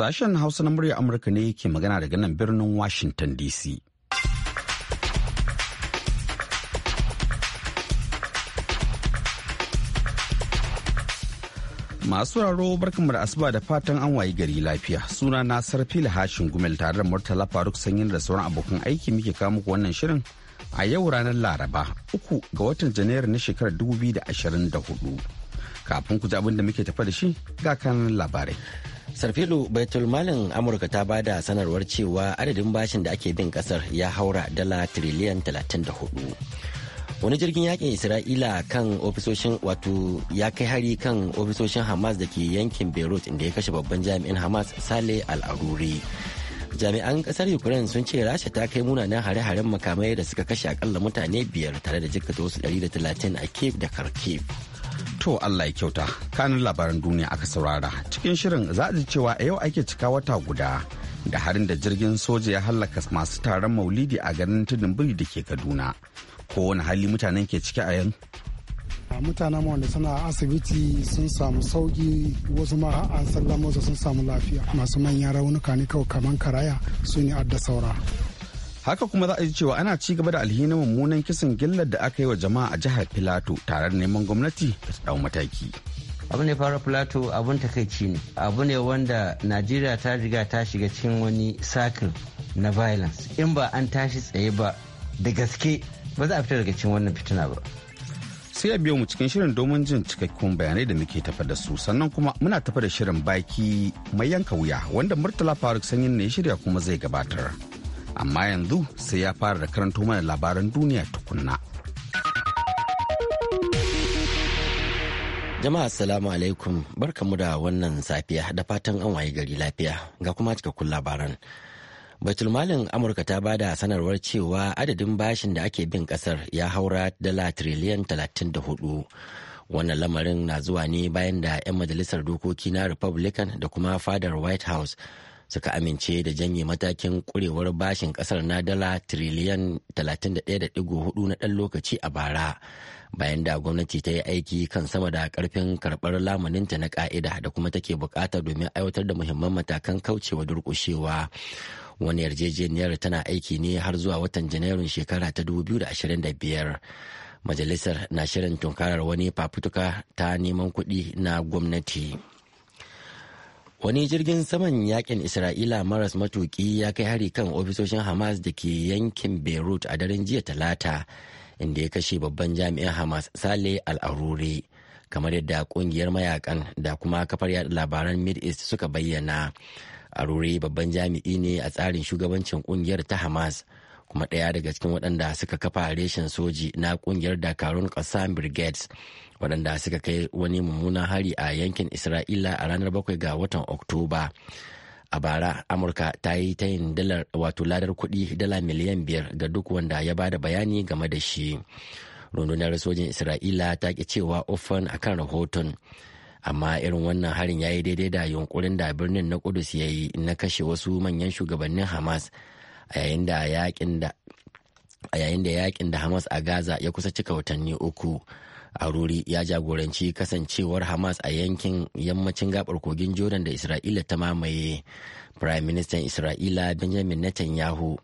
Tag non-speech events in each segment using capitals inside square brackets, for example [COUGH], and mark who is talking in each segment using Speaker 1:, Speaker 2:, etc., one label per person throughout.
Speaker 1: Sashen Hausa na murya Amurka ne ke magana daga nan birnin Washington DC. Masu raro barkanmu da asuba da fatan an wayi gari lafiya. Suna na Sarfila Hashin Gumel tare da Murtala Faruk Sanyin da sauran abokan aiki muke kawo muku wannan shirin a yau ranar Laraba, uku ga watan Janairu na shekarar
Speaker 2: 2024. Kafin ku ji abin da muke tafa da shi ga kanan labarai. sarfilu baitul malin amurka ta ba da sanarwar cewa adadin bashin da ake bin kasar ya haura dala triliyan 34 wani jirgin yakin isra'ila kan ofisoshin wato ya kai hari kan ofisoshin hamas da ke yankin beirut inda ya kashe babban jami'in hamas sale al'aruri jami'an kasar ukraine sun ce rasha ta kai munanan hare-haren makamai da suka kashe akalla mutane biyar tare da jikata wasu 130 a cape da kharkiv To Allah ya kyauta kanin labaran duniya aka saurara cikin shirin za
Speaker 1: a ji cewa a yau ake cika wata guda da harin da jirgin soja ya hallaka masu taron maulidi a garin tudun biri da ke Kaduna. Kowane hali mutanen ke ciki a yanzu
Speaker 3: mutanen wanda suna asibiti sun samu sauki wasu ma an sallama sun samu lafiya masu manyan raunuka ne kawai kamar karaya su ne adda saura.
Speaker 1: haka kuma za a ji cewa ana ci gaba da alhinin mummunan kisan gillar da aka yi wa jama'a a jihar filato tare
Speaker 4: da neman gwamnati da ta dau mataki abu ne fara filato abun takaici ne abu ne wanda najeriya ta riga ta shiga cikin wani sakin na violence in ba an tashi tsaye ba da gaske ba za a fita daga cikin wannan fitina ba sai a
Speaker 1: biyo mu cikin shirin domin jin cikakkun bayanai da muke tafa da su sannan kuma muna tafa da shirin baki mai yanka wuya wanda murtala faruk sanyin ne shirya kuma zai gabatar. amma yanzu sai ya fara da karanto mana labaran duniya tukunna.
Speaker 2: Jama'a Assalamu alaikum barkamu da wannan safiya da fatan an waye gari lafiya ga kuma cikakkun labaran. Baitulmalin Amurka ta bada sanarwar cewa adadin bashin da ake bin kasar ya haura dala tiriliyan 34. Wannan lamarin na zuwa ne bayan da 'yan majalisar dokoki na Republican da kuma fadar White House suka amince da janye matakin kurewar bashin kasar na dala tiriliyan 31.4 na ɗan lokaci a bara bayan da gwamnati ta yi aiki kan sama da karfin karɓar lamuninta na ƙa'ida da kuma take bukata domin aiwatar da muhimman matakan kaucewa durƙushewa wani yarjejeniyar tana aiki ne har zuwa watan janairun shekara ta 2025 majalisar na shirin tunkarar wani fafutuka ta neman kuɗi na gwamnati. wani jirgin saman yakin isra'ila maras matuki ya kai hari kan ofisoshin hamas da ke yankin beirut a daren jiya talata inda ya kashe babban jami'in hamas sale al al'arure kamar yadda kungiyar mayakan da kuma kafar yada labaran mid-east suka bayyana arure babban jami'i ne a tsarin shugabancin kungiyar ta hamas kuma ɗaya daga cikin waɗanda suka kafa reshen soji na kungiyar dakarun ƙasa brigades waɗanda suka kai wani mummunan hari a yankin isra'ila a ranar 7 ga watan oktoba a bara amurka ta yi tayin dalar wato ladar kuɗi dala miliyan biyar ga duk wanda ya ba da bayani game da shi rundunar sojin isra'ila ta ki cewa ofan a kan rahoton amma irin wannan harin ya yi daidai da yunkurin da birnin na kudus ya yi na kashe wasu manyan shugabannin hamas a yayin da yakin da hamas a gaza ya kusa cika watanni uku ruri ya jagoranci kasancewar hamas a yankin yammacin gabar kogin jordan da isra'ila ta mamaye prime minister isra'ila benjamin netanyahu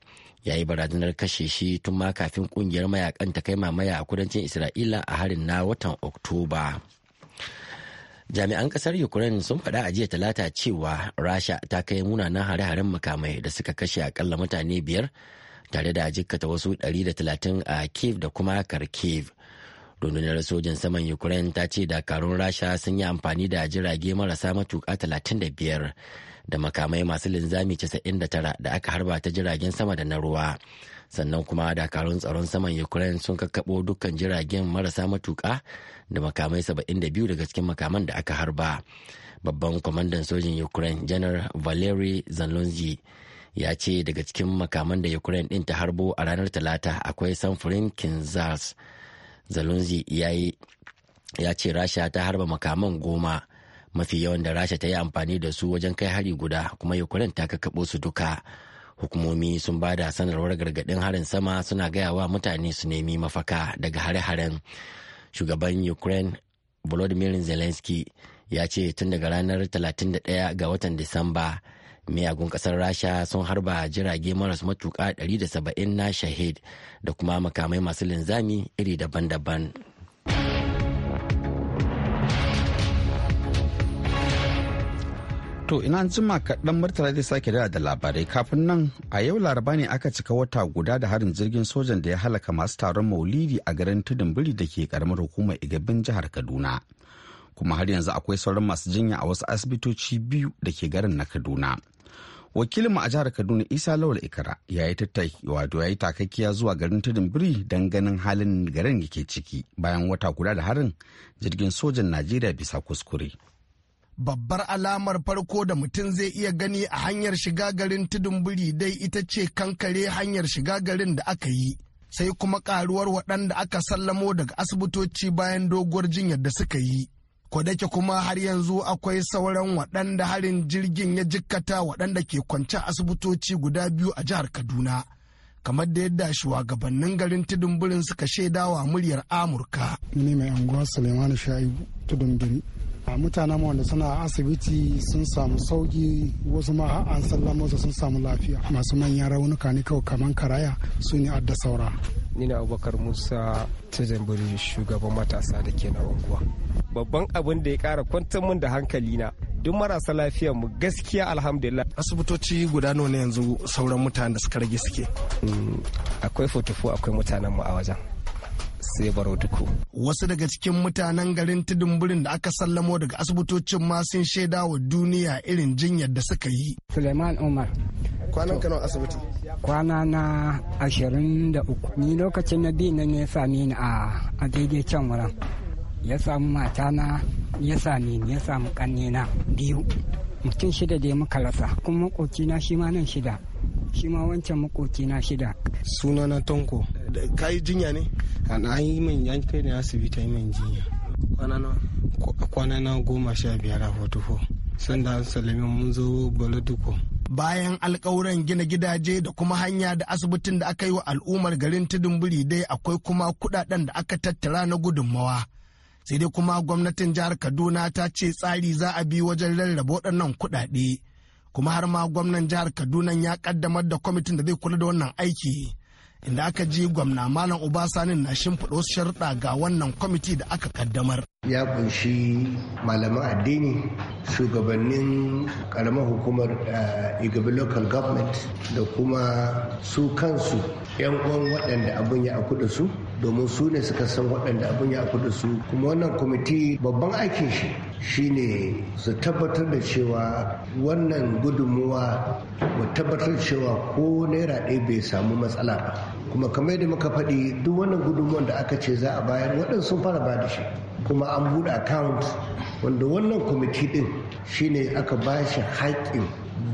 Speaker 2: ya yi barazanar kashe shi tun ma kafin kungiyar mayakan ta kai mamaya a kudancin isra'ila a harin na watan oktoba jami'an kasar ukraine sun faɗa a jiya talata cewa rasha ta kai munanan hare-haren makamai da suka kashe akalla mutane biyar tare da jikkata wasu 130 a kiev da kuma kharkiv rundunar sojin saman ukraine ta ce dakarun rasha sun yi amfani da jirage marasa matuka 35 da makamai masu linzami 99 da aka harba ta jiragen sama da na ruwa sannan kuma dakarun tsaron saman ukraine sun kakkaɓo dukkan jiragen marasa matuka da makamai 72 daga cikin makaman da aka harba babban kwamandan sojin ukraine janar valery zanlonji ya ce daga cikin makaman da ukraine din ta harbo a ranar talata akwai samfurin kinzars zalunzi ya ce rasha ta harba makaman goma mafi yawan da rasha ta yi amfani da su wajen kai hari guda kuma ukraine ta kakkaɓo su duka hukumomi sun ba da sanarwar gargaɗin harin sama suna gaya wa mutane su nemi mafaka daga hare-haren shugaban ukraine volodymyr zelensky ya ce tun daga ranar 31 ga watan disamba miyagun kasar rasha sun harba jirage maras matuka 170 na shahid da kuma makamai masu linzami iri daban-daban to
Speaker 1: ina jima kaɗan murtala zai sake dara da labarai kafin nan a yau laraba ne aka cika wata guda da harin jirgin sojan da ya halaka masu taron maulidi a garin tudun biri da ke karamar hukumar igabin jihar kaduna kuma har yanzu akwai sauran masu jinya a wasu asibitoci biyu da ke garin na kaduna wakilinmu a jihar kaduna isa lawal ikara ya yi tattaki wato ya yi takakkiya zuwa garin tudun biri don ganin halin garin yake ciki bayan wata guda da harin jirgin sojan najeriya bisa kuskure
Speaker 3: babbar alamar farko da mutum zai iya gani a hanyar shiga garin tudun biri dai ita ce kankare hanyar shiga garin da aka yi sai kuma karuwar waɗanda aka sallamo daga asibitoci bayan doguwar jinyar da suka yi kwadake kuma har yanzu akwai sauran waɗanda harin jirgin ya jikkata waɗanda ke kwance asibitoci guda biyu a jihar kaduna kamar da yadda shugabannin garin tudun birin suka shaidawa muryar amurka ni mai anguwa suleimanu sha'ibu tudun biri mutanen wanda suna asibiti sun samu sauki wasu ma an sallama sun samu lafiya masu manyan raunuka ne kawai kamar karaya su ne adda saura ni na abubakar musa tijamburi shugaban matasa da ke na unguwa babban abin da ya kara kwantar mun da hankali na duk marasa lafiyar mu gaskiya alhamdulillah asibitoci guda nawa ne yanzu sauran mutanen da suka rage suke mm, akwai fotofo akwai mutanen mu a wajen sai barautuku. Wasu daga cikin mutanen garin tudunburin da aka sallamo daga asibitocin ma sun shaida wa duniya irin
Speaker 4: jinyar da suka yi. Suleiman Umar.
Speaker 3: Kwanan kanon asibiti?
Speaker 4: Kwana na ashirin da uku. Ni lokacin na biyu na ne sami ni a daidai can wurin. Ya samu mata na ya sami ni ya samu ƙannena biyu. Mutum shida da muka rasa kuma makocina shi ma nan shida. shi ma wancan makoki na shida na tonko
Speaker 3: ka yi jinya ne an yi min kai ne asibiti yi min jinya kwana na goma sha biyar a fotofo sanda an salami mun zo baladuko bayan alkawuran gina gidaje da kuma hanya da asibitin da aka yi wa al'ummar garin tudun tudunburi dai akwai kuma kudaden da aka tattara na gudunmawa sai dai kuma gwamnatin jihar kaduna ta ce tsari za a bi wajen rarraba waɗannan kuɗaɗe kuma har ma gwamnan jihar kaduna ya kaddamar da kwamitin da zai kula da wannan aiki inda aka ji gwamna malam obasanin na shimfiɗo wasu sharuɗa ga wannan kwamiti da aka kaddamar ya kunshi malaman addini shugabannin karamar hukumar eh, igabi local government da kuma su kansu 'yan uwan waɗanda abin ya aku da su domin su ne suka san waɗanda abin ya aku da su kuma wannan kwamiti babban aikin shi shine su tabbatar da cewa wannan gudunmuwa mu tabbatar cewa ko naira ɗaya bai samu matsala ba kuma kamar yadda muka faɗi duk wannan gudunmuwan da aka ce za a bayar waɗansu sun fara ba shi kuma an buɗe account wanda wannan kwamiti ɗin shine aka ba shi haƙƙin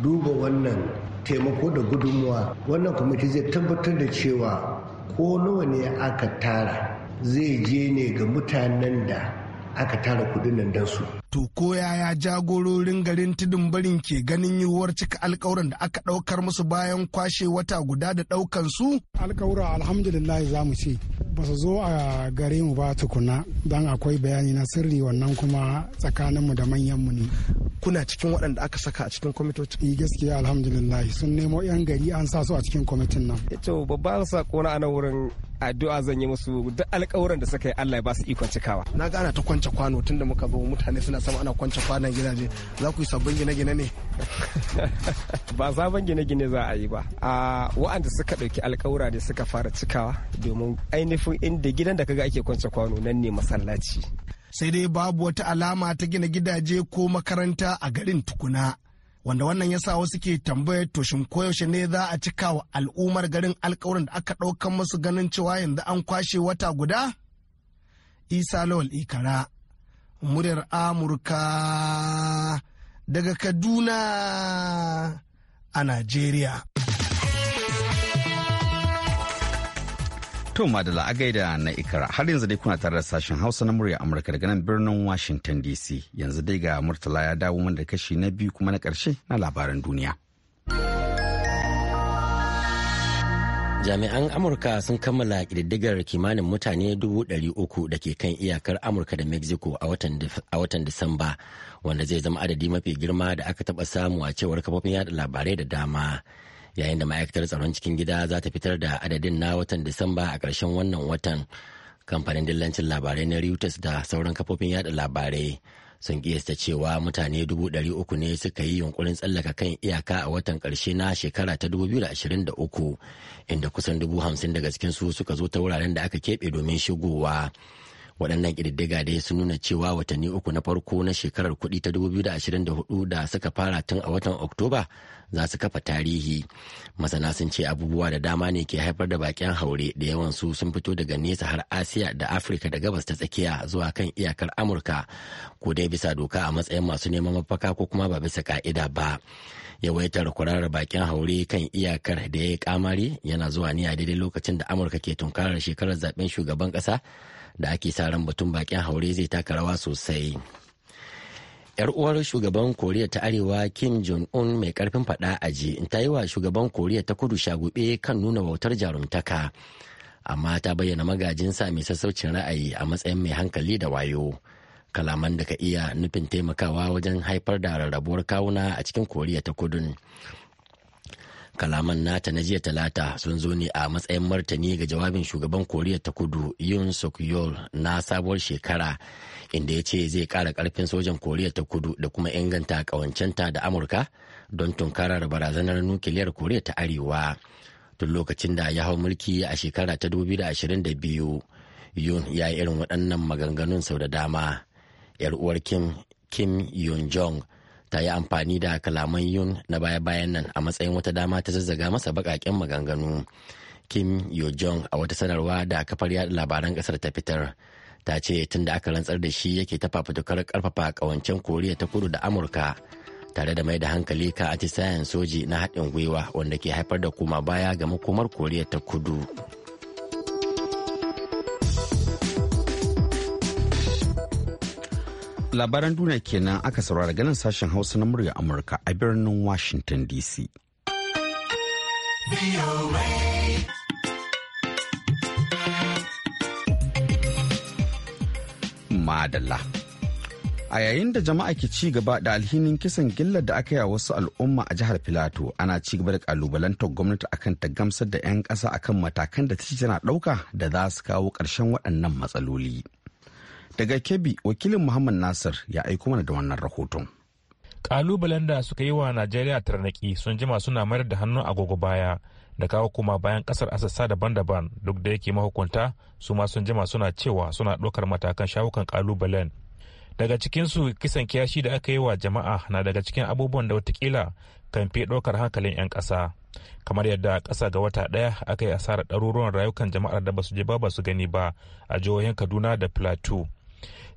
Speaker 3: duba wannan taimako da gudunmuwa wannan kwamiti zai tabbatar da cewa ko nawa ne aka tara zai je ne ga mutanen da aka tara kudin nan don su To ko yaya jagororin garin tudun barin ke ganin yiwuwar cika alkawuran da aka ɗaukar musu bayan kwashe wata guda da ɗaukan su? Alkawura alhamdulillah za mu ce ba su zo a gare mu ba tukuna don akwai bayani na sirri wannan kuma tsakanin mu da manyan mu ne. Kuna cikin waɗanda aka saka a cikin kwamitoci? Eh, gaskiya alhamdulillah sun nemo 'yan gari an sa su a cikin kwamitin nan. Eh, to babban sako na ana wurin addu'a zan yi musu duk alkawuran da suka yi Allah ya ba su ikon cikawa. Na gana ta kwance kwano tun da muka zo mutane suna sama ana kwance kwanan gidaje za ku yi sabbin gine-gine ne [LAUGHS] ba sabon gine-gine za a yi ba a wa'anda suka ɗauki alkawura ne suka fara cikawa domin ainihin inda gidan da kaga ake kwance kwano nan ne masallaci sai dai babu wata alama ta gina gidaje ko makaranta a garin tukuna wanda wannan ya sa wasu ke tambaya to shin koyaushe ne za a cika wa al'ummar garin alkawarin da aka ɗaukan masu ganin cewa yanzu an kwashe wata guda? Isa Lawal Ikara muryar Amurka daga Kaduna a Najeriya.
Speaker 1: To Madala a gaida na Ikara har yanzu dai kuna tare da sashen Hausa na murya Amurka daga nan birnin Washington DC yanzu dai ga Murtala ya dawo mana da kashi na biyu kuma na ƙarshe na labaran duniya.
Speaker 2: jami'an amurka sun kammala ƙididdigar kimanin mutane 300,000 da ke kan iyakar amurka da mexico a watan disamba wanda zai zama adadi mafi girma da aka taba samu a cewar kafofin yada labarai da dama yayin da ma'aikatar tsaron cikin gida za ta fitar da adadin na watan disamba a ƙarshen wannan watan kamfanin dillancin labarai na reuters da sauran kafofin yada labarai sun kiyasta cewa mutane dubu ɗari uku ne suka yi yunkurin tsallaka kan iyaka a watan ƙarshe na shekara ta 2023 inda kusan dubu hamsin daga su suka zo ta wuraren da aka keɓe domin shigowa waɗannan ƙididdiga dai sun nuna cewa watanni uku na farko na shekarar kuɗi ta 2024 da suka fara tun a watan oktoba za su kafa tarihi masana sun ce abubuwa da dama ne ke haifar da baƙin haure da yawan su sun fito daga nesa har asiya da afirka da gabas ta tsakiya zuwa kan iyakar amurka ko dai bisa doka a matsayin masu neman mafaka ko kuma ba bisa ka'ida ba yawaitar kwararar bakin haure kan iyakar da ya yi kamari yana zuwa ne a daidai lokacin da amurka ke tunkarar shekarar zaben shugaban kasa da ake sa ran batun bakin haure zai taka rawa sosai. 'yar uwar shugaban koriya ta arewa kim jong-un mai karfin fada ji ta yi wa shugaban koriya ta kudu shagube kan nuna wautar jarumtaka amma ta bayyana magajinsa mai sassaucin ra'ayi a matsayin mai hankali da wayo kalaman da ka iya nufin taimakawa wajen haifar da rarrabuwar kawuna a cikin koriya ta kudun kalaman nata na jiya talata sun zo ne a matsayin martani ga jawabin shugaban koriya ta kudu yun suk yol na sabuwar shekara inda ya ce zai kara karfin sojan koriya ta kudu da kuma inganta kawancenta da amurka don tunkarar barazanar nukiliyar koriya ta arewa tun lokacin da ya hau mulki a shekara ta 2022 yun ya yi irin waɗannan maganganun sau da dama 'yar uwar kim kim yun jong ta yi amfani da kalaman yun na baya-bayan nan a matsayin wata dama ta zazzaga masa baƙaƙen maganganu kim yo jong a wata sanarwa da kafar yada labaran ƙasar ta fitar ta ce tun da aka rantsar da shi yake ta fafutukar karfafa kawancen koriya ta kudu da amurka tare da mai da hankali ka atisayen soji na haɗin gwiwa wanda ke haifar da kuma baya ga makomar koriya ta kudu.
Speaker 1: labaran duniya kenan aka saurara ganin sashen hausa na murya amurka a birnin washington dc madalla a yayin da jama'a ke ci gaba da alhinin kisan gillar da aka yi a wasu al'umma a jihar filato ana ci gaba da kalubalantar gwamnati akan ta gamsar da 'yan ƙasa akan matakan da ta tana ɗauka da za su kawo ƙarshen waɗannan matsaloli. Daga Kebbi wakilin Muhammad Nasir ya aiko mana da wannan rahoton.
Speaker 5: Kalubalen da suka yi wa Najeriya tarnaki sun jima suna mayar da hannun agogo baya da kawo kuma bayan kasar asassa daban-daban duk da yake mahukunta su ma sun jima suna cewa suna ɗaukar matakan shawukan kalubalen. Daga cikinsu kisan kiyashi da aka yi wa jama'a na daga cikin abubuwan da watakila kan fi ɗaukar hankalin 'yan ƙasa. kamar yadda ƙasa ga wata ɗaya aka yi asarar ɗaruruwan rayukan jama'ar da basu je ba basu gani ba a jihohin kaduna da plateau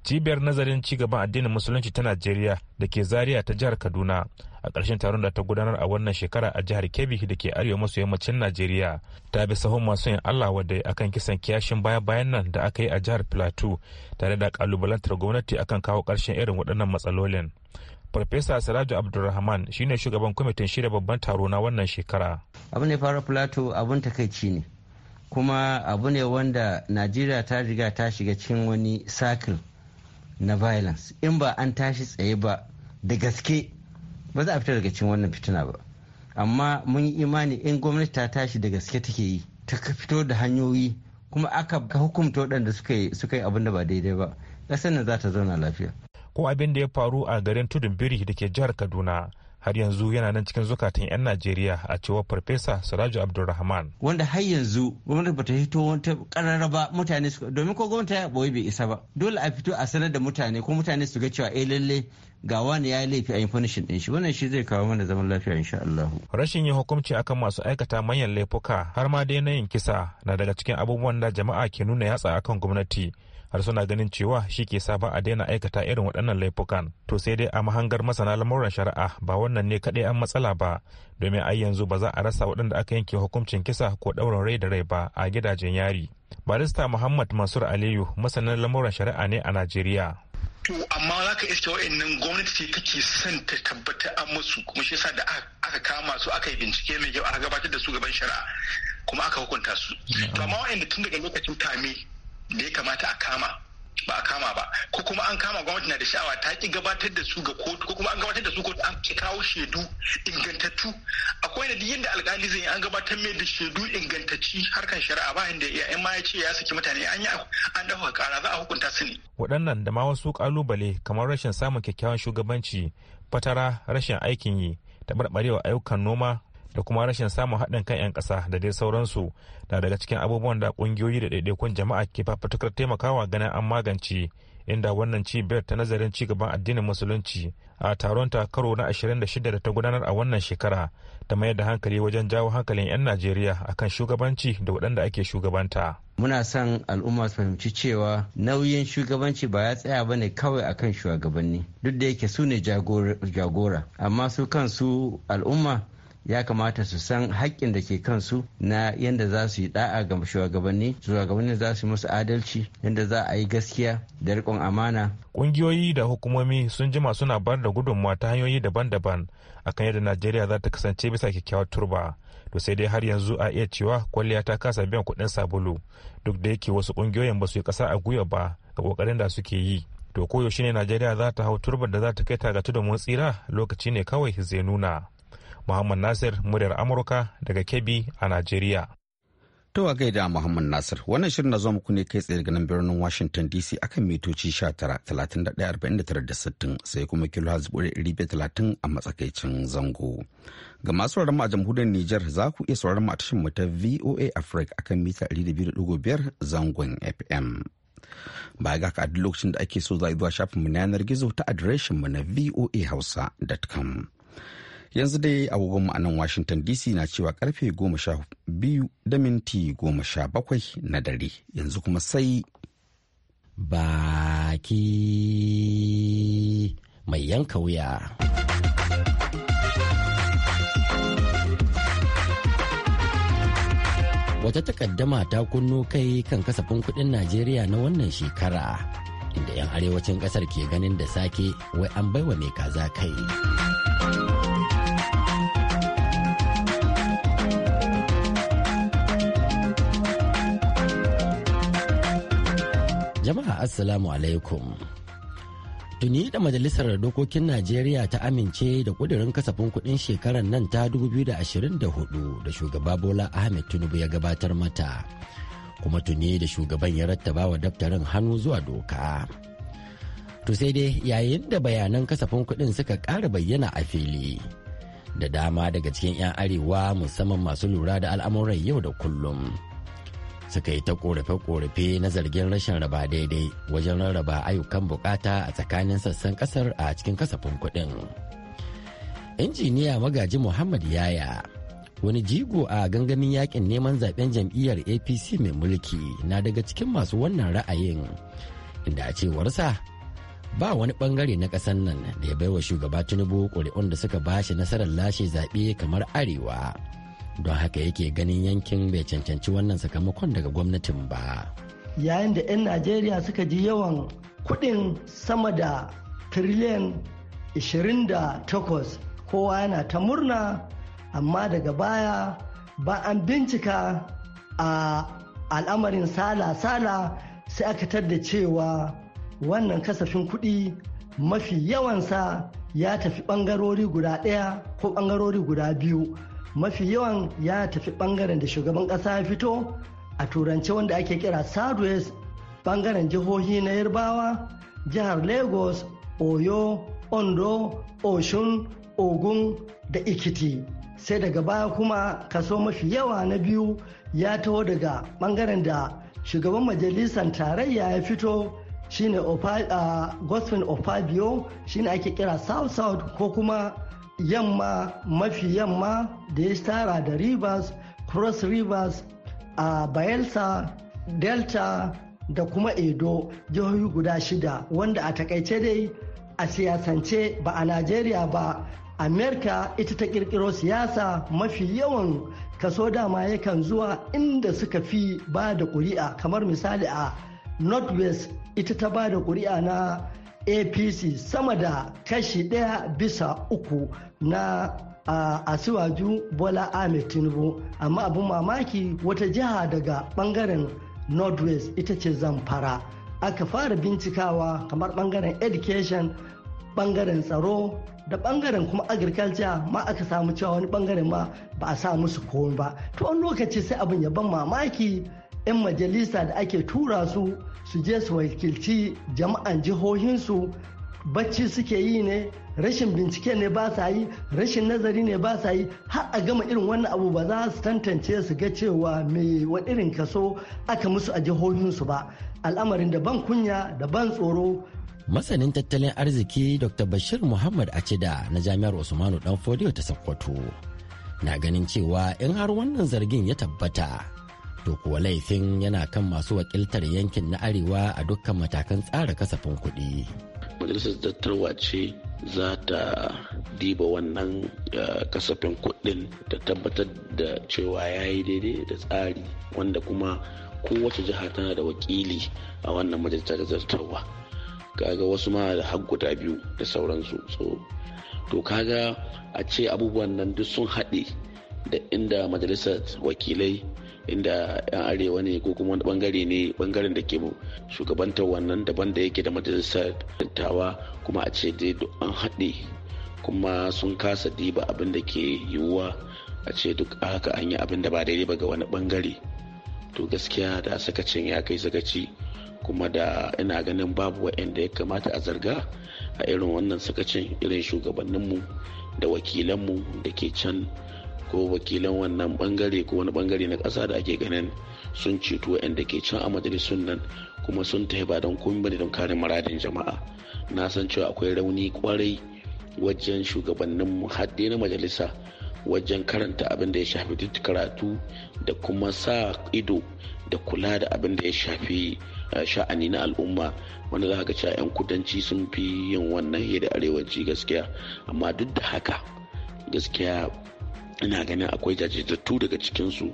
Speaker 5: cibiyar nazarin cigaban addinin musulunci ta najeriya da ke Zariya ta jihar kaduna a ƙarshen taron da ta gudanar a wannan shekara a jihar kebbi da ke arewa maso yammacin najeriya ta bi sahun masu yin allah wadai akan kisan kiyashin baya bayan nan da aka yi a jihar plateau tare da kalubalantar gwamnati akan kawo ƙarshen irin waɗannan matsalolin farfesa siraju abdulrahman shi ne
Speaker 4: shugaban kwamitin shirya babban taro na wannan shekara abin ne fara plateau abin takaici ne kuma abu ne wanda najeriya ta riga ta shiga cikin wani circle na violence in ba an tashi tsaye ba da gaske ba za a fita daga cikin wannan fitina ba amma mun yi imani in gwamnati ta tashi da gaske take yi ta fito da hanyoyi kuma aka hukumta waɗanda suka yi abin da ba daidai ba ƙasar nan za ta zauna lafiya
Speaker 5: ko abin da ya faru a garin tudun biri da ke jihar kaduna har yanzu yana nan cikin zukatan 'yan Najeriya a cewar Farfesa Siraju Abdulrahman. Wanda har yanzu
Speaker 4: gwamnati bata hito wata karara ba mutane su domin ko gwamnati ya bai isa ba. Dole a fito a sanar da mutane ko mutane su ga cewa eh lalle ga wani ya yi laifi a yin punishin din shi wannan shi zai kawo mana zaman lafiya insha Allah. Rashin
Speaker 5: yin hukunci akan masu aikata manyan laifuka har ma dai na yin kisa na daga cikin abubuwan da jama'a ke nuna yatsa akan gwamnati. har suna ganin cewa shi ke sa ba a daina aikata irin waɗannan laifukan to sai dai a mahangar masana lamuran shari'a ba wannan ne kaɗai an matsala ba domin ai yanzu ba za a rasa waɗanda aka yanke hukuncin kisa ko ɗaurin rai da rai ba a gidajen yari barista muhammad mansur aliyu masanin lamuran shari'a ne a najeriya to amma za ka iske wa'annan gwamnati ce take son ta tabbata an musu kuma shi yasa da aka kama su aka yi bincike mai kyau aka gabatar da su gaban shari'a kuma aka hukunta su to amma wa'anda tun daga lokacin tame da ya kamata a kama ba a kama ba ko kuma an kama gwamnati na da sha'awa ta ki gabatar da su ga kotu ko kuma an gabatar da su kotu an ki kawo shaidu
Speaker 3: ingantattu akwai da yadda alkali zai an gabatar mai da shaidu ingantacci harkar shari'a ba inda ya in ma ya ce ya saki mutane an yi an dafa kara za a hukunta su ne
Speaker 5: waɗannan da ma wasu kalubale kamar rashin samun kyakkyawan shugabanci fatara rashin aikin yi taɓarɓarewa ayyukan noma da kuma rashin samun haɗin kan 'yan ƙasa da dai sauransu na daga cikin abubuwan da ƙungiyoyi da ɗaiɗaikun jama'a ke fafatukar taimakawa ganin an magance inda wannan cibiyar ta nazarin cigaban addinin musulunci a taron ta karo na 26 da ta gudanar a wannan shekara ta mayar da hankali wajen jawo hankalin 'yan najeriya akan shugabanci da waɗanda ake shugabanta
Speaker 4: muna son al'umma su fahimci cewa nauyin shugabanci ba ya tsaya ba ne kawai a kan shugabanni duk da yake su ne jagora amma su kansu al'umma ya kamata su san haƙƙin da ke kansu na yadda za su yi da'a ga shugabanni shugabanni za su yi musu adalci yadda za a yi gaskiya da rikon amana
Speaker 5: ƙungiyoyi da hukumomi sun jima suna bar da gudunmawa ta hanyoyi daban-daban akan yadda najeriya za ta kasance bisa kyakkyawar turba to sai dai har yanzu a iya cewa kwalliya ta kasa biyan kuɗin sabulu duk da yake wasu ƙungiyoyin ba su yi ƙasa a gwiwa ba ga ƙoƙarin da suke yi to koyaushe ne najeriya za ta hau turbar da za ta kai ta ga mun tsira lokaci ne kawai zai nuna Muhammad Nasir muryar Amurka daga Kebbi a Najeriya.
Speaker 1: To a gaida Muhammad Nasir wannan shirin na zo muku ne kai tsaye ganin birnin Washington DC akan mitoci 19 sai kuma kilo talatin a matsakaicin zango. Ga masu sauraron a jamhuriyar Nijar za ku iya sauraron mu a tashin mu ta VOA Africa akan mita 200.5 zangon FM. Baya ga a duk lokacin da ake so za a yi zuwa shafin mu na yanar gizo ta adireshin mu na voahausa.com. yanzu dai abubuwan ma'anan washington dc na cewa karfe goma sha biyu da minti goma
Speaker 2: sha bakwai na dare yanzu kuma sai baki mai yanka wuya wata takaddama ta kunno kai kan kasafin kudin najeriya na wannan shekara inda 'yan arewacin kasar ke ganin da sake wai an baiwa mai kaza kai Jama'a Assalamu alaikum. Tuni da Majalisar Dokokin Najeriya ta amince da kudirin kasafin kudin shekarar nan ta 2024 da shugaba Bola Ahmed Tinubu ya gabatar mata. Kuma tuni da shugaban ya rattaba wa daftarin hannu zuwa doka. To sai dai yayin da bayanan kasafin kudin suka ƙara bayyana a fili. Da dama daga cikin 'yan arewa musamman masu lura da al'amuran yau da kullum. suka yi ta korafe-korafe na zargin rashin raba daidai wajen rarraba ayyukan bukata a tsakanin sassan kasar a cikin kasafin kuɗin. injiniya magaji muhammad yaya wani jigo a gangamin yakin neman zaben jam'iyyar apc mai mulki na daga cikin masu wannan ra'ayin inda a cewarsa ba wani bangare na ƙasar nan da ya baiwa shugaba tinubu ƙuri'un da suka bashi nasarar lashe zaɓe kamar arewa don haka yake ganin yankin bai cancanci wannan sakamakon daga gwamnatin ba
Speaker 6: yayin da 'yan najeriya suka ji yawan kudin sama da triliyan 28 kowa yana ta murna amma daga baya ba an bincika a al'amarin sala-sala sai aka tadda cewa wannan kasafin kuɗi mafi yawansa ya tafi ɓangarori guda ɗaya ko bangarori guda biyu mafi yawan ya tafi bangaren da shugaban ƙasa ya fito a turance wanda ake kira southwest bangaren jihohi na yarbawa jihar lagos oyo ondo oshun ogun da ikiti sai daga baya kuma kaso mafi yawa na biyu ya taho daga bangaren da shugaban majalisar tarayya ya fito shine uh, ah, gosfin ofabio shine ake kira south south ko kuma yamma mafi yamma da ya tara da rivers cross rivers a bayelsa delta da kuma edo jihohi guda shida wanda a takaice dai a siyasance ba a najeriya ba amerika ita ta kirkiro siyasa mafi yawan kaso dama yakan zuwa inda suka fi ba da kuri'a kamar misali a northwest ita ta ba da kuri'a na apc sama da kashi ɗaya bisa uku na a asiwaju bola ahmed tinubu amma abin mamaki wata jiha daga bangaren northwest ita ce zamfara aka fara bincikawa kamar bangaren education bangaren tsaro da ɓangaren kuma agriculture ma aka samu cewa wani bangaren ma ba a sa musu komai ba to wani lokaci sai abin ya ban mamaki 'yan majalisa da ake tura su su je su wakilci jama'an jihohinsu bacci suke yi ne rashin bincike ne ba sa yi rashin nazari ne ba sa yi har a gama irin wannan abu ba za su tantance su ga cewa mai wa irin kaso aka musu a jihohinsu ba al'amarin da ban kunya da ban tsoro
Speaker 2: masanin tattalin arziki dr bashir muhammad acida na jami'ar usmanu Danfodiyo ta sokoto na ganin cewa in har wannan zargin ya tabbata to kuwa laifin yana kan masu wakiltar yankin na arewa a dukkan matakan tsara kasafin kuɗi.
Speaker 7: majalisar dattarwa ce za ta diba wannan eh, kasafin kuɗin da tabbatar da cewa ya yi daidai da tsari wanda kuma kowace jiha tana da wakili a wannan majalisar zartarwa kaga wasu ma da har guda biyu da sauransu so to kaga a ce abubuwan nan duk sun haɗe da inda majalisar wakilai inda yan arewa ne ko kuma bangare ne bangaren da ke shugabantar wannan daban da yake da majalisar dattawa kuma a ce dai duk an haɗe kuma sun kasa diba abin da ke yiwuwa a ce duk haka an yi abin da ba daidai ba ga wani bangare to gaskiya da sakacin ya kai sakaci kuma da ina ganin babu wa'anda ya kamata a zarga a irin wannan sakacin irin shugabanninmu da wakilanmu da ke can ko wakilan wannan bangare ko wani bangare na kasa da ake ganin sun ceto yadda ke can a majalisun nan kuma sun tafi ba don komai don kare maradin jama'a na san cewa akwai rauni kwarai wajen shugabannin mu na majalisa wajen karanta abin da ya shafi duk karatu da kuma sa ido da kula da abin da ya shafi eh, sha'ani na al'umma wanda za ka cewa 'yan kudanci sun fi yin wannan da arewaci gaskiya amma duk da haka gaskiya ina ganin akwai jajirtattu daga cikinsu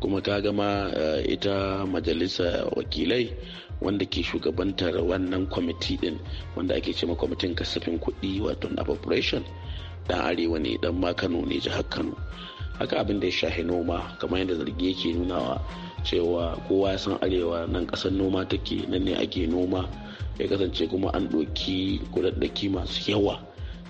Speaker 7: kuma ka gama eh, ita majalisa wakilai wanda ke shugabantar wannan kwamiti din wanda ake cema kwamitin kasafin kuɗi wato operation dan arewa ne dan ma kano ne jihar kano haka abin da ya shahi noma kamar yadda zargi yake nunawa cewa kowa ya san arewa nan ƙasar noma take nan ne ake noma ya kasance kuma an ɗoki kudaddaki masu yawa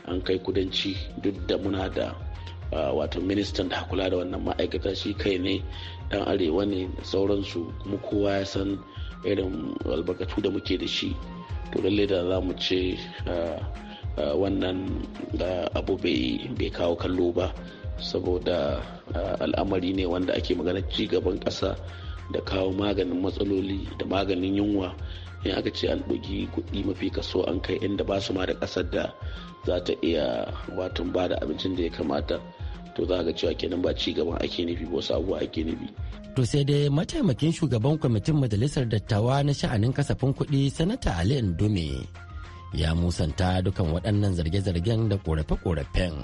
Speaker 7: an kai kudanci duk da muna da Ah, wato ministan da kula da wannan ma'aikata shi kai ne dan arewa ne da sauransu kuma kowa ya san irin albarkatu da muke da shi to lallai da za mu ce ah, ah, wannan abu bai kawo kallo ba saboda al'amari ne wanda ake magana ci gaban ƙasa da kawo maganin matsaloli da maganin yunwa in aka ce an ɗogi kuɗi mafi kaso an kai inda ba su ma da ƙasar da za ta iya watan ba da abincin da ya kamata to za ga cewa kenan ba ci gaban ake nufi ba wasu abubuwa ake nufi.
Speaker 2: To sai dai mataimakin shugaban kwamitin majalisar dattawa na sha'anin kasafin kuɗi sanata Ali Ndume ya musanta dukan waɗannan zarge-zargen da korafe-korafen.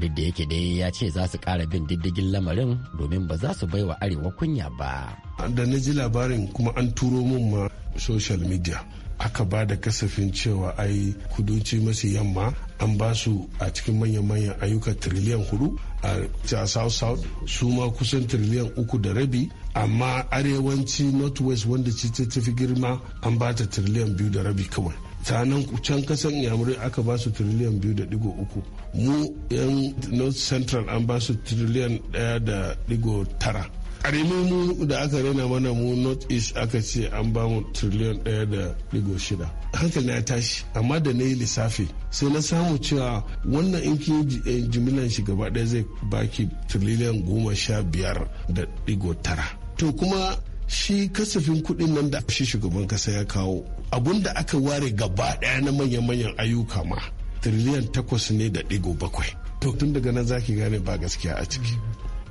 Speaker 2: Duk da yake dai ya ce za su ƙara bin diddigin lamarin domin ba za su bai wa arewa kunya ba.
Speaker 8: Da na ji labarin kuma an turo min ma social media aka ba da kasafin cewa ai kudunci masu yamma an ba su a cikin manya-manyan ayyuka tiriliyan hudu a south south su ma kusan triliyan uku da rabi amma arewanci west wanda ce ta tafi girma an ba ta tiriliyan biyu da rabi kawai sanan can kasan yamurai aka ba su tiriliyan biyu da digo uku mu yan north central an ba su tiriliyan daya da digo tara karemi mu da aka raina mana mu north east aka ce an ba mu triliyon ɗaya da digo shida hankali na ya tashi amma da na yi lissafi sai na samu cewa wannan in kin eh, jimilan shi gaba ɗaya zai baki trillion goma sha biyar da digo tara to kuma shi kasafin kuɗin nan da shi shugaban kasa ya kawo abun da aka ware gaba ɗaya na manya-manyan ayyuka ma trillion takwas ne da digo bakwai to tun daga nan zaki gane ba gaskiya a ciki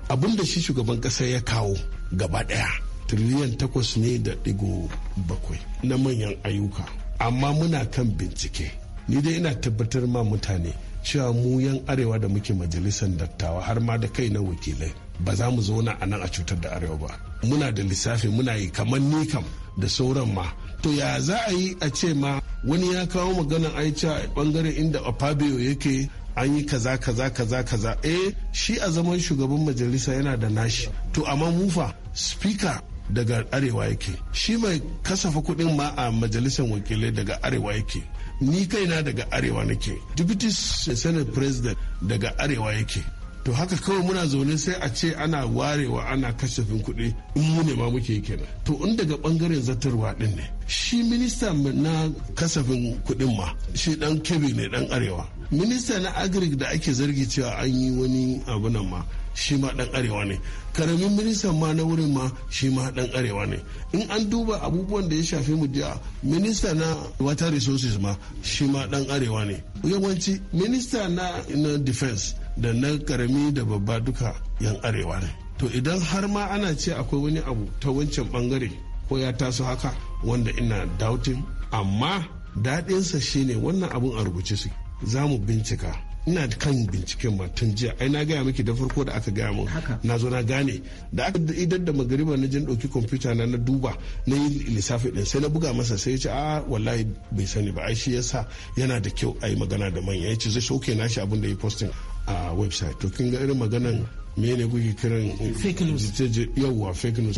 Speaker 8: abin da shi shugaban kasa ya kawo gaba ɗaya tiriliyan takwas ne da digo bakwai na manyan ayyuka amma muna kan bincike ni dai ina tabbatar ma mutane cewa mu yan arewa da muke majalisar dattawa har ma da kai na wakilai ba za mu zauna a nan a cutar da arewa ba muna da lissafi muna yi kamar ni kam da sauran ma to ya za a yi a ce ma wani ya kawo maganan aica a inda opabio yake an yi kaza kaza kaza kaza eh shi a zaman shugaban majalisa yana da nashi to amma mufa speaker daga arewa yake shi mai kasafa kuɗin ma a majalisar wakilai daga arewa yake ni kaina daga arewa nake deputy senate president daga arewa yake to haka kawai muna zaune sai a ce ana warewa ana kashefin kuɗi in mu ne ma muke yi kenan to in daga bangaren zatarwa din ne shi minista na kasafin kuɗin ma shi dan kebe ne dan arewa minista na agric da ake zargi cewa an yi wani abu nan ma shi ma dan arewa ne karamin minista ma na wurin ma shi ma dan arewa ne in an duba abubuwan da ya shafi mu jiya minista na water resources ma shi ma dan arewa ne yawanci minista na, na defense da na karami da babba duka yan arewa ne to idan har ma ana ce akwai wani abu ta wancan bangare ko ya taso haka wanda ina doubting amma daɗinsa shine wannan abun a rubuce su za mu bincika ina da kan binciken ma tun jiya ai na gaya miki da farko da aka gaya mun na zo na gane da aka idan da magariba na jin dauki kwamfuta na na duba na yi lissafi din sai na buga masa sai ya ce a ah, wallahi bai sani ba ai shi yasa yana da kyau ai magana da manya ya ce zai soke na shi abin da ya posting a website to kin ga irin maganan me ne kuke kiran fake news yawwa fake news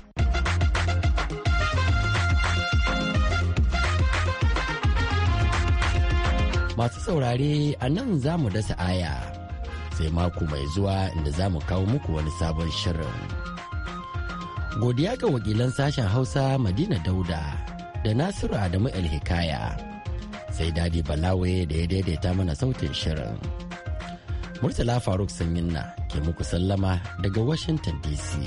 Speaker 2: Masu saurare a nan za mu dasa aya sai mako mai zuwa inda za mu kawo muku wani sabon shirin. Godiya ga wakilan sashen Hausa Madina Dauda da Nasiru Adamu El Hikaya sai Dadi Balawe da ya daidaita mana sautin shirin. Murtala Faruk Sanyin na ke muku sallama daga Washington DC.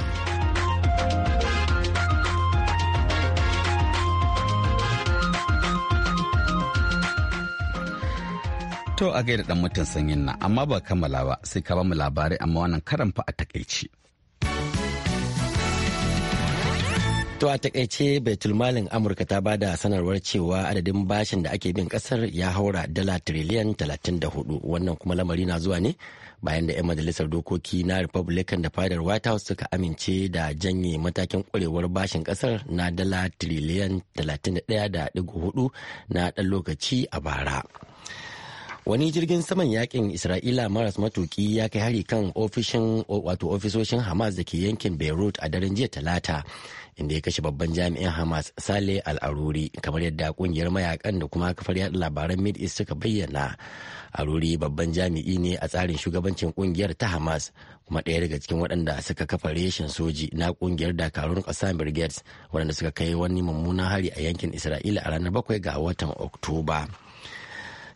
Speaker 1: To a gaida dan mutum sanyin na amma ba kammala ba sai ka bamu
Speaker 2: labarai amma wannan karan fa a takaice. To a takaice Baitulmalin Amurka ta bada sanarwar cewa adadin bashin da ake bin kasar ya haura dala tiriliyan 34 wannan kuma lamari na zuwa ne bayan da 'yan majalisar dokoki na Republican da fadar White House suka amince da janye matakin kwarewar bashin kasar na dala tiriliyan 31.4 na ɗan lokaci a bara. wani jirgin saman yakin isra'ila maras matuki ya kai hari kan ofishin wato ofisoshin hamas da ke yankin beirut a daren jiya talata inda ya kashe babban jami'in hamas sale al kamar yadda kungiyar mayakan da kuma kafar yada labaran mid east suka bayyana aruri babban jami'i ne a tsarin shugabancin kungiyar ta hamas kuma ɗaya daga cikin waɗanda suka kafa reshen soji na kungiyar dakarun ƙasar birgets waɗanda suka kai wani mummunan hari a yankin isra'ila a ranar bakwai ga watan oktoba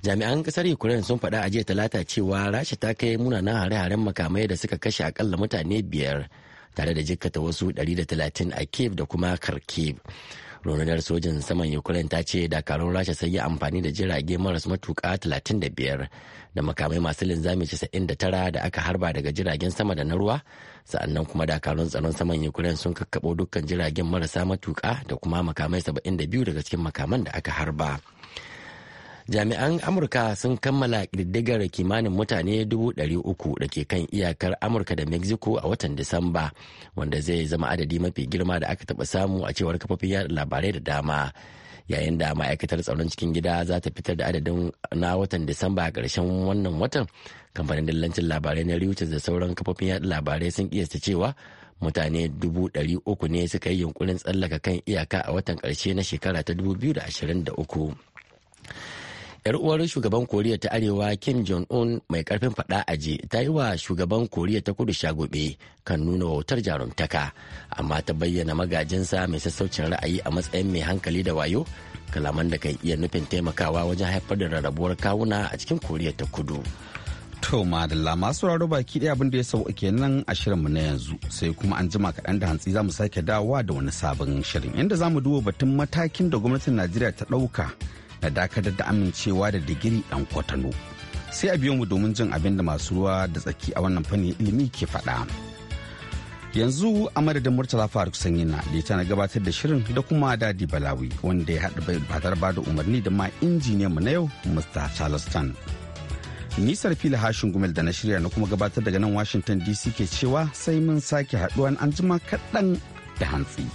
Speaker 2: jami'an kasar ukraine sun faɗa a jiya talata cewa rasha ta kai munanan hare-haren makamai da suka kashe akalla mutane biyar tare da jikkata wasu 130 a kiev da kuma kharkiv rundunar sojin saman ukraine ta ce dakarun rasha sai yi amfani da jirage maras matuka 35 da makamai masu linzami 99 da aka harba daga jiragen sama da na ruwa sa'annan kuma dakarun tsaron saman ukraine sun kakkabo dukkan jiragen marasa matuka da kuma makamai 72 daga cikin makaman da aka harba. jami'an amurka sun kammala ƙididdigar kimanin mutane 300,000 da ke kan iyakar amurka da mexico a watan disamba wanda zai zama adadi mafi girma da aka taɓa samu a cewar kafofin yada labarai da dama yayin da ma'aikatar tsaron cikin gida za ta fitar da adadin na watan disamba a ƙarshen wannan watan kamfanin dillancin labarai na reuters da sauran kafofin yada labarai sun kiyasta cewa mutane dubu ne suka yi yunkurin tsallaka kan iyaka a watan karshe na shekara ta 2023. yar uwar shugaban koriya ta arewa kim jong-un mai karfin fada aji ta yi wa shugaban koriya ta kudu shagobe kan nuna wautar jarumtaka amma ta bayyana magajinsa mai sassaucin ra'ayi a matsayin mai hankali da wayo kalaman da kan iya nufin taimakawa wajen haifar da rarrabuwar kawuna a cikin koriya ta kudu To madalla masu raro baki
Speaker 1: ɗaya abin da ya sauka nan a shirinmu na yanzu sai kuma an jima kaɗan da hantsi za mu sake dawowa da wani sabon shirin inda za mu duba batun matakin da gwamnatin Najeriya ta ɗauka na dakatar da amincewa da digiri dan kwatano sai a biyo mu domin jin abin da masu ruwa da tsaki a wannan fannin ilimi ke faɗa yanzu a madadin murtala faruk sanyi na da na gabatar da shirin da kuma dadi balawi wanda ya haɗa batar ba da umarni da ma injiniya mu na yau mr charleston nisar fili hashin gumel da na shirya na kuma gabatar daga nan washington dc ke cewa sai mun sake haɗuwa an jima kaɗan da hantsi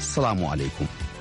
Speaker 1: salamu alaikum